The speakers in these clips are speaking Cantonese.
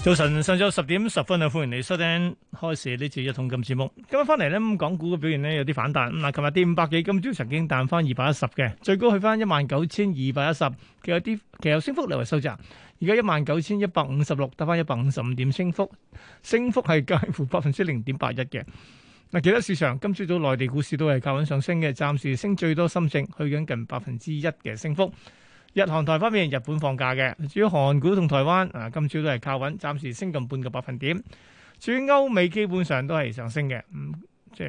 早晨，上晝十點十分啊，歡迎你。收聽開始呢次一桶金節目，今日翻嚟咧，港股嘅表現咧有啲反彈。嗱，琴日跌五百幾，今朝曾經彈翻二百一十嘅，最高去翻一萬九千二百一十，其實有啲，其實有升幅略為收窄。而家一萬九千一百五十六，得翻一百五十五點升幅，升幅係介乎百分之零點八一嘅。嗱，其他市場今朝早內地股市都係較穩上升嘅，暫時升最多深證，去緊近百分之一嘅升幅。日、韓、台方面，日本放假嘅。至於韓股同台灣，啊今朝都係靠穩，暫時升近半個百分點。至於歐美，基本上都係上升嘅，即、嗯、係、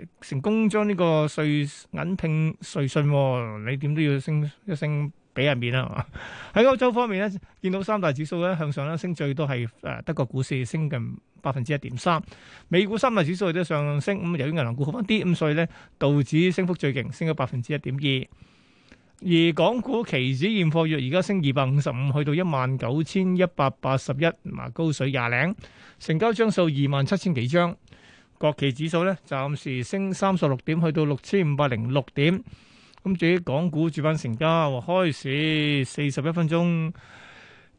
呃、成功將呢個瑞銀併瑞信、哦，你點都要升一升俾人面啦。喺、啊、歐洲方面咧，見到三大指數咧向上咧升最多係誒、呃、德國股市升近百分之一點三，美股三大指數都上升，咁由於銀行股好返啲，咁所以咧道指升幅最勁，升咗百分之一點二。而港股期指現貨月而家升二百五十五，去到一萬九千一百八十一，嘛高水廿零，成交張數二萬七千幾張。國企指數咧暫時升三十六點，去到六千五百零六點。咁至於港股主板成交，開市四十一分鐘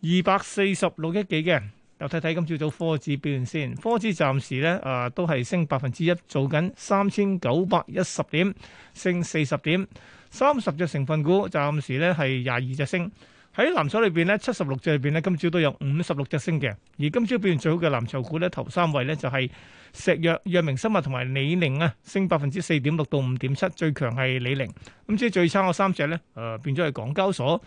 二百四十六億幾嘅。又睇睇今朝早科指表現先，科指暫時咧啊都係升百分之一，做緊三千九百一十點，升四十點。三十隻成分股暫時咧係廿二隻升。喺藍籌裏邊咧，七十六隻裏邊咧，今朝都有五十六隻升嘅。而今朝表現最好嘅藍籌股咧，頭三位咧就係石藥、藥明生物同埋李寧啊，升百分之四點六到五點七，最強係李寧。咁即係最差嘅三隻咧，誒，變咗係港交所、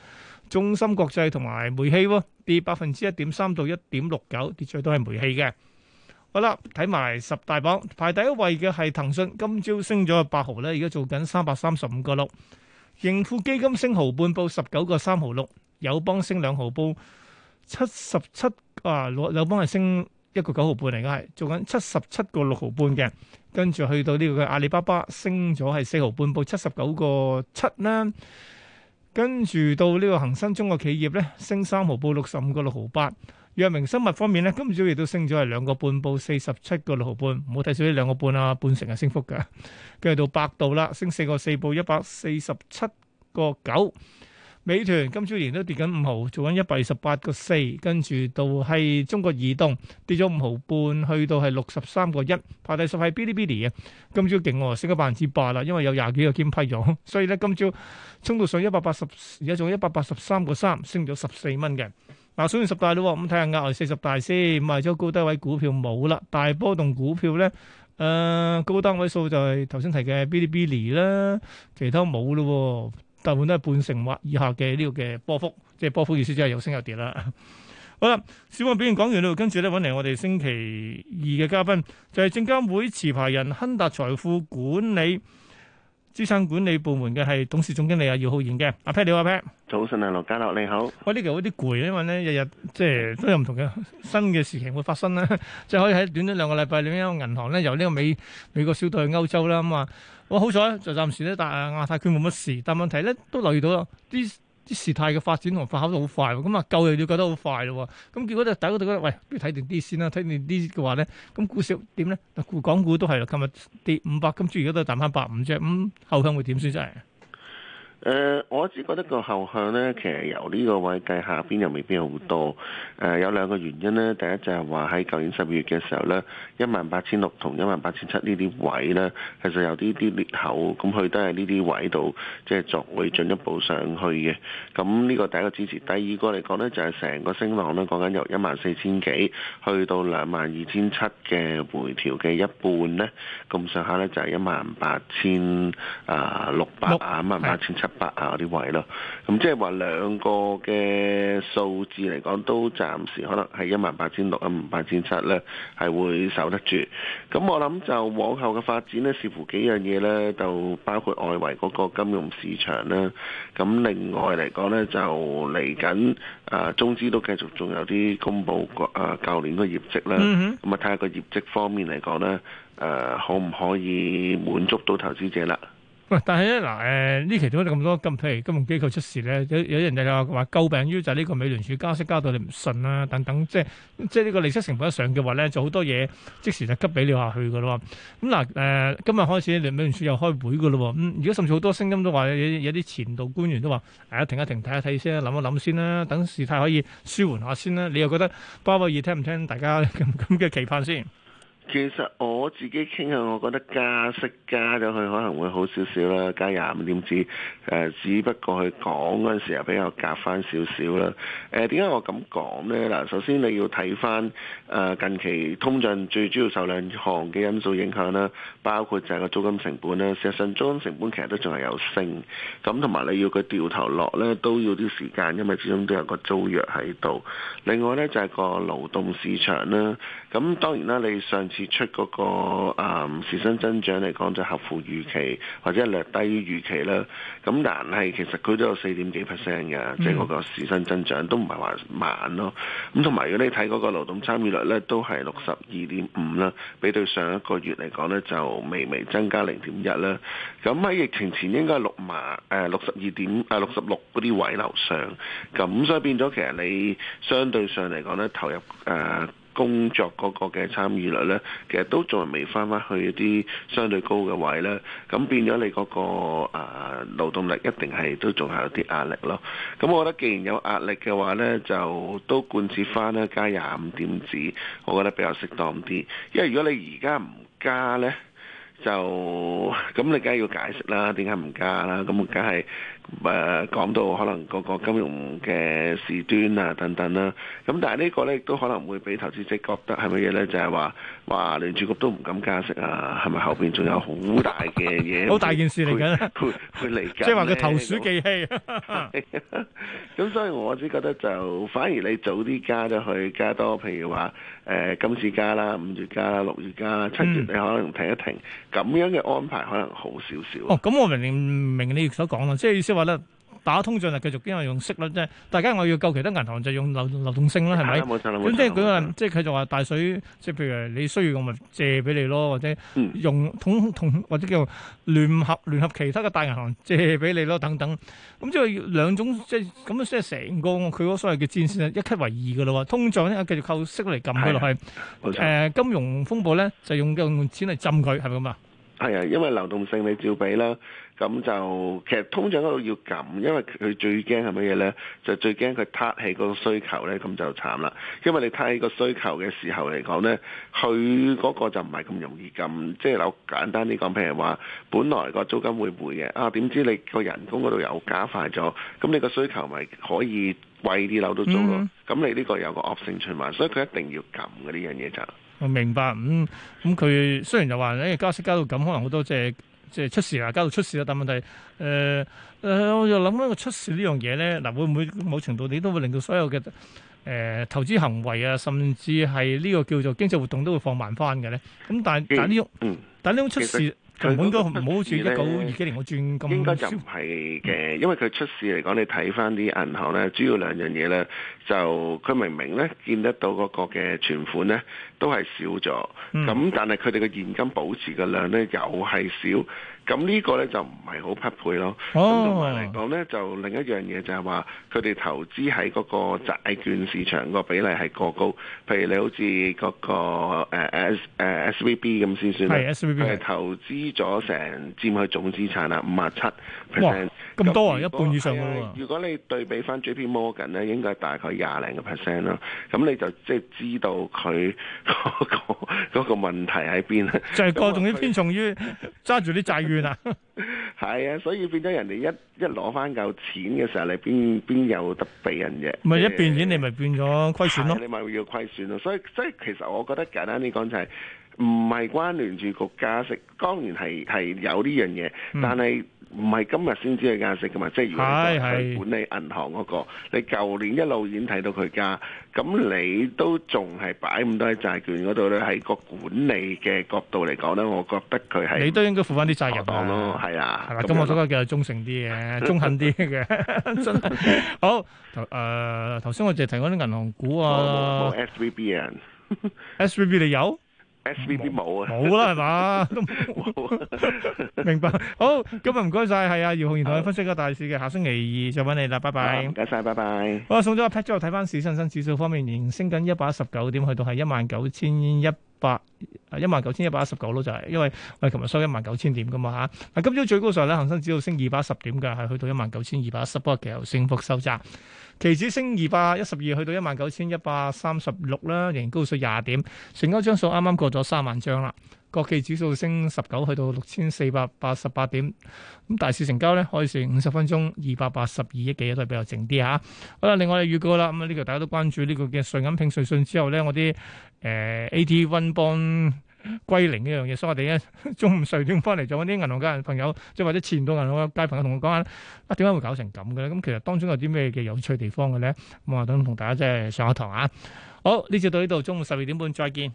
中芯國際同埋煤氣咯，跌百分之一點三到一點六九，跌最多係煤氣嘅。好啦，睇埋十大榜，排第一位嘅係騰訊，今朝升咗八毫咧，而家做緊三百三十五個六，盈富基金升毫半報十九個三毫六，啊，友邦升兩毫報七十七啊，友友邦係升一個九毫半嚟嘅，係做緊七十七個六毫半嘅，跟住去到呢個阿里巴巴升咗係四毫半報七十九個七啦，跟住到呢個恒生中國企業咧升三毫報六十五個六毫八。藥明生物方面咧，今朝亦都升咗係兩個半，報四十七個六毫半，唔好睇少啲兩個半啊，半成係升幅㗎。跟住到百度啦，升四個四，報一百四十七個九。美團今朝連都跌緊五毫，做緊一百二十八個四。跟住到係中國移動，跌咗五毫半，去到係六十三個一。排第十係嗶哩嗶哩嘅，今朝勁喎，升咗百分之八啦，因為有廿幾個兼批咗，所以咧今朝衝到上一百八十，而家仲有一百八十三個三，升咗十四蚊嘅。嗱，所以、啊、十大咯，咁睇下額外四十大先，賣咗高低位股票冇啦，大波動股票咧，誒、呃、高單位數就係頭先提嘅 Bilibili 啦，其他冇咯，大部分都係半成或以下嘅呢個嘅波幅，即係波幅意思即係有升有跌啦。 好啦，小王表現講完啦，跟住咧揾嚟我哋星期二嘅嘉賓，就係、是、證監會持牌人亨達財富管理，資產管理部門嘅，係董事總經理啊姚浩然嘅，阿 Pat 你好。阿 Pat，早晨啊，羅家樂你好，我呢期有啲攰，因為咧日日即係、呃、都有唔同嘅新嘅事情會發生啦，即係可以喺短短兩個禮拜裡面銀行咧由呢個美美國燒到去歐洲啦咁，啊，我、嗯嗯嗯嗯、好彩就暫時咧，但係亞太區冇乜事，但係問題咧都留意到啲。啲事態嘅發展同發酵得好快，咁啊救又要救得好快咯，咁結果就大家都覺得，喂，不如睇定啲先啦。睇定啲嘅話咧，咁股市點咧？講港股都係啦，琴日跌五百金豬，而家都係彈翻百五啫。咁、嗯、後向會點先真係？誒、呃，我只覺得個後向呢，其實由呢個位計下邊又未必好多。誒、呃，有兩個原因呢：第一就係話喺舊年十二月嘅時候呢，一萬八千六同一萬八千七呢啲位呢，其實有啲啲裂口，咁、嗯、佢都係呢啲位度，即係作為進一步上去嘅。咁、嗯、呢、呢個第一個支持。第二個嚟講呢，就係、是、成個升浪呢，講緊由一萬四千幾去到兩萬二千七嘅回調嘅一半呢。咁上下呢，就係一萬八千啊 18, 700, 六百啊蚊，八千七。六八啊啲位咯，咁即係話兩個嘅數字嚟講，都暫時可能係一萬八千六，一萬八千七咧係會守得住。咁我諗就往後嘅發展呢，視乎幾樣嘢呢，就包括外圍嗰個金融市場啦。咁另外嚟講呢，就嚟緊啊，中資都繼續仲有啲公布啊舊年嘅業績啦。咁啊，睇下個業績方面嚟講呢，誒，可唔可以滿足到投資者啦？但係咧嗱，誒、呃、呢期都咁多金，譬如金融機構出事咧，有有人救，就話話詬病於就係呢個美聯儲加息加到你唔信啦、啊，等等，即係即係呢個利息成本一上嘅話咧，就好多嘢即時就急俾你下去噶咯。咁、嗯、嗱，誒、呃、今日開始，你美聯儲又開會噶咯。咁如果甚至好多聲音都話有啲前度官員都話誒、呃、停一停，睇一睇先啦，諗一諗先啦，等事態可以舒緩下先啦。你又覺得鮑威爾聽唔聽大家咁嘅 期盼先？其實我自己傾向，我覺得加息加咗去可能會好少少啦，加廿五點子。誒、呃，只不過佢講嗰陣時啊比較夾翻少少啦。誒、呃，點解我咁講呢？嗱，首先你要睇翻誒近期通脹最主要受兩項嘅因素影響啦，包括就係個租金成本啦。事實上租金成本其實都仲係有升，咁同埋你要佢掉頭落呢，都要啲時間，因為始終都有個租約喺度。另外呢，就係、是、個勞動市場啦。咁當然啦，你上次。跌出嗰、嗰個誒、嗯、時薪增長嚟講就、合乎預期，或者略低於預期啦。咁但係其實佢都有四點幾 percent 嘅。即係嗰個時薪增長都唔係話慢咯。咁同埋如果你睇嗰個勞動參與率咧，都係六十二點五啦，比對上一個月嚟講咧就微微增加零點一啦。咁喺疫情前應該係六萬誒六十二點誒六十六嗰啲位樓上咁，所以變咗其實你相對上嚟講咧投入誒、啊工作嗰個嘅參與率呢，其實都仲未翻翻去一啲相對高嘅位呢。咁變咗你嗰、那個誒、呃、勞動力一定係都仲係有啲壓力咯。咁、嗯、我覺得既然有壓力嘅話呢，就都貫徹翻啦加廿五點子，我覺得比較適當啲。因為如果你而家唔加呢，就咁你梗係要解釋啦，點解唔加啦？咁梗係。誒講到可能個個金融嘅事端啊等等啦，咁但係呢個咧亦都可能會俾投資者覺得係乜嘢咧？就係話，哇！連主局都唔敢加息啊，係咪後邊仲有好大嘅嘢？好大件事嚟緊，佢佢嚟緊，即係話佢投鼠忌器。咁所以我只覺得就反而你早啲加咗去，加多，譬如話誒，今次加啦，五月加啦，六月加啦，七月你可能停一停，咁樣嘅安排可能好少少。哦，咁我明明你所講啦，即係意思。話啦，打通脹就繼續，因為用息率啫。大家我要救其他銀行，就用流流動性啦，係咪？咁即係佢話，即係佢就話大水，即係譬如你需要我，咪借俾你咯，或者用統同、嗯、或者叫聯合聯合其他嘅大銀行借俾你咯，等等。咁即係兩種，即係咁樣即係成個佢嗰所謂嘅戰線，一級為二嘅咯。通脹咧繼續靠息率嚟撳佢落去，誒金融風暴咧就用用錢嚟浸佢，係咪咁啊？係啊，因為流動性你照俾啦，咁就其實通脹嗰度要撳，因為佢最驚係乜嘢咧？就最驚佢撻起個需求咧，咁就慘啦。因為你撻起個需求嘅時候嚟講咧，佢嗰個就唔係咁容易撳，即係樓簡單啲講，譬如話本來個租金會回嘅，啊點知你個人工嗰度又加快咗，咁你個需求咪可以貴啲樓都租咯，咁你呢個有個惡性循環，所以佢一定要撳嘅呢樣嘢就。我明白，嗯，咁、嗯、佢雖然就話咧加息加到咁，可能好多即係即係出事啊，加到出事啊，但問題誒誒、呃呃，我就諗咧，出事呢樣嘢咧，嗱會唔會某程度你都會令到所有嘅誒、呃、投資行為啊，甚至係呢個叫做經濟活動都會放慢翻嘅咧？咁但係但係呢種，嗯，但係呢種出事。佢唔好轉一九二幾年，我轉咁少。應該就唔係嘅，因為佢出事嚟講，你睇翻啲銀行咧，主要兩樣嘢咧，就佢明明咧見得到嗰個嘅存款咧都係少咗，咁但係佢哋嘅現金保持嘅量咧又係少。咁、啊、呢個咧就唔係好匹配咯。咁同埋嚟講咧，就另一樣嘢就係話，佢哋投資喺嗰個債券市場個比例係過高。譬如你好似嗰、嗰個誒誒、呃、S、呃、V B 咁先算 SVB 啦，佢係投資咗成佔佢總資產啊五啊七 percent。哇！咁多啊，果一半以上、啊、如果你對比翻 J P Morgan 咧，應該大概廿零個 percent 啦。咁你就即係知道佢嗰、嗰個嗰 個問題喺邊就係過重啲偏重於揸住啲債券。 啦，係 啊，所以變咗人哋一一攞翻嚿錢嘅時候，你邊邊有得俾人嘅？唔咪、啊嗯、一變錢、啊，你咪變咗虧損咯，你咪會要虧損咯。所以所以，其實我覺得簡單啲講就係，唔係關聯住個加息，當然係係有呢樣嘢，但係，唔係今日先知佢加息嘅嘛，即係如果你去管理銀行嗰個，你舊年一路已經睇到佢加，咁你都仲係擺咁多喺債券嗰度咧，喺個管理嘅角度嚟講咧，我覺得佢係你都應該付翻啲責任咯，係啊，係啦，咁我覺得叫做忠誠啲嘅，中肯啲嘅，好，頭誒，頭先我淨係提嗰啲銀行股啊，S V B 啊，S V B 你有？S V D 冇啊，冇啦係嘛，都冇啊， 明白。好，今日唔該晒，係啊。姚浩然同你分析個大市嘅，下星期二再揾你啦，拜拜。唔該晒，拜拜。好，送咗個 pat 之後，睇翻市信新指數方面，連升緊一百一十九點，去到係一萬九千一。百一萬九千一百一十九咯，8, 19, 9, 就係因為我哋琴日收一萬九千點噶嘛嚇，嗱今朝最高上咧，恒生指數升二百一十點嘅，係去到一萬九千二百一十，不過期油升幅收窄，期指升二百一十二，去到一萬九千一百三十六啦，仍然高水廿點，成交張數啱啱過咗三萬張啦。國企指數升十九，去到六千四百八十八點。咁大市成交咧，開市五十分鐘二百八十二億幾，都係比較靜啲吓。好啦，另外我哋預告啦，咁、嗯、呢、這個大家都關注呢、這個嘅瑞銀聽瑞信之後咧，我啲誒 AT One Bond 歸零呢樣嘢，所以我哋咧中午十二點翻嚟做。揾啲銀行界朋友，即係或者前度銀行界朋友同我講下，啊點解會搞成咁嘅咧？咁、嗯、其實當中有啲咩嘅有趣地方嘅咧？咁、嗯、啊等同大家即係上下堂啊。好，呢次到呢度中午十二點半再見。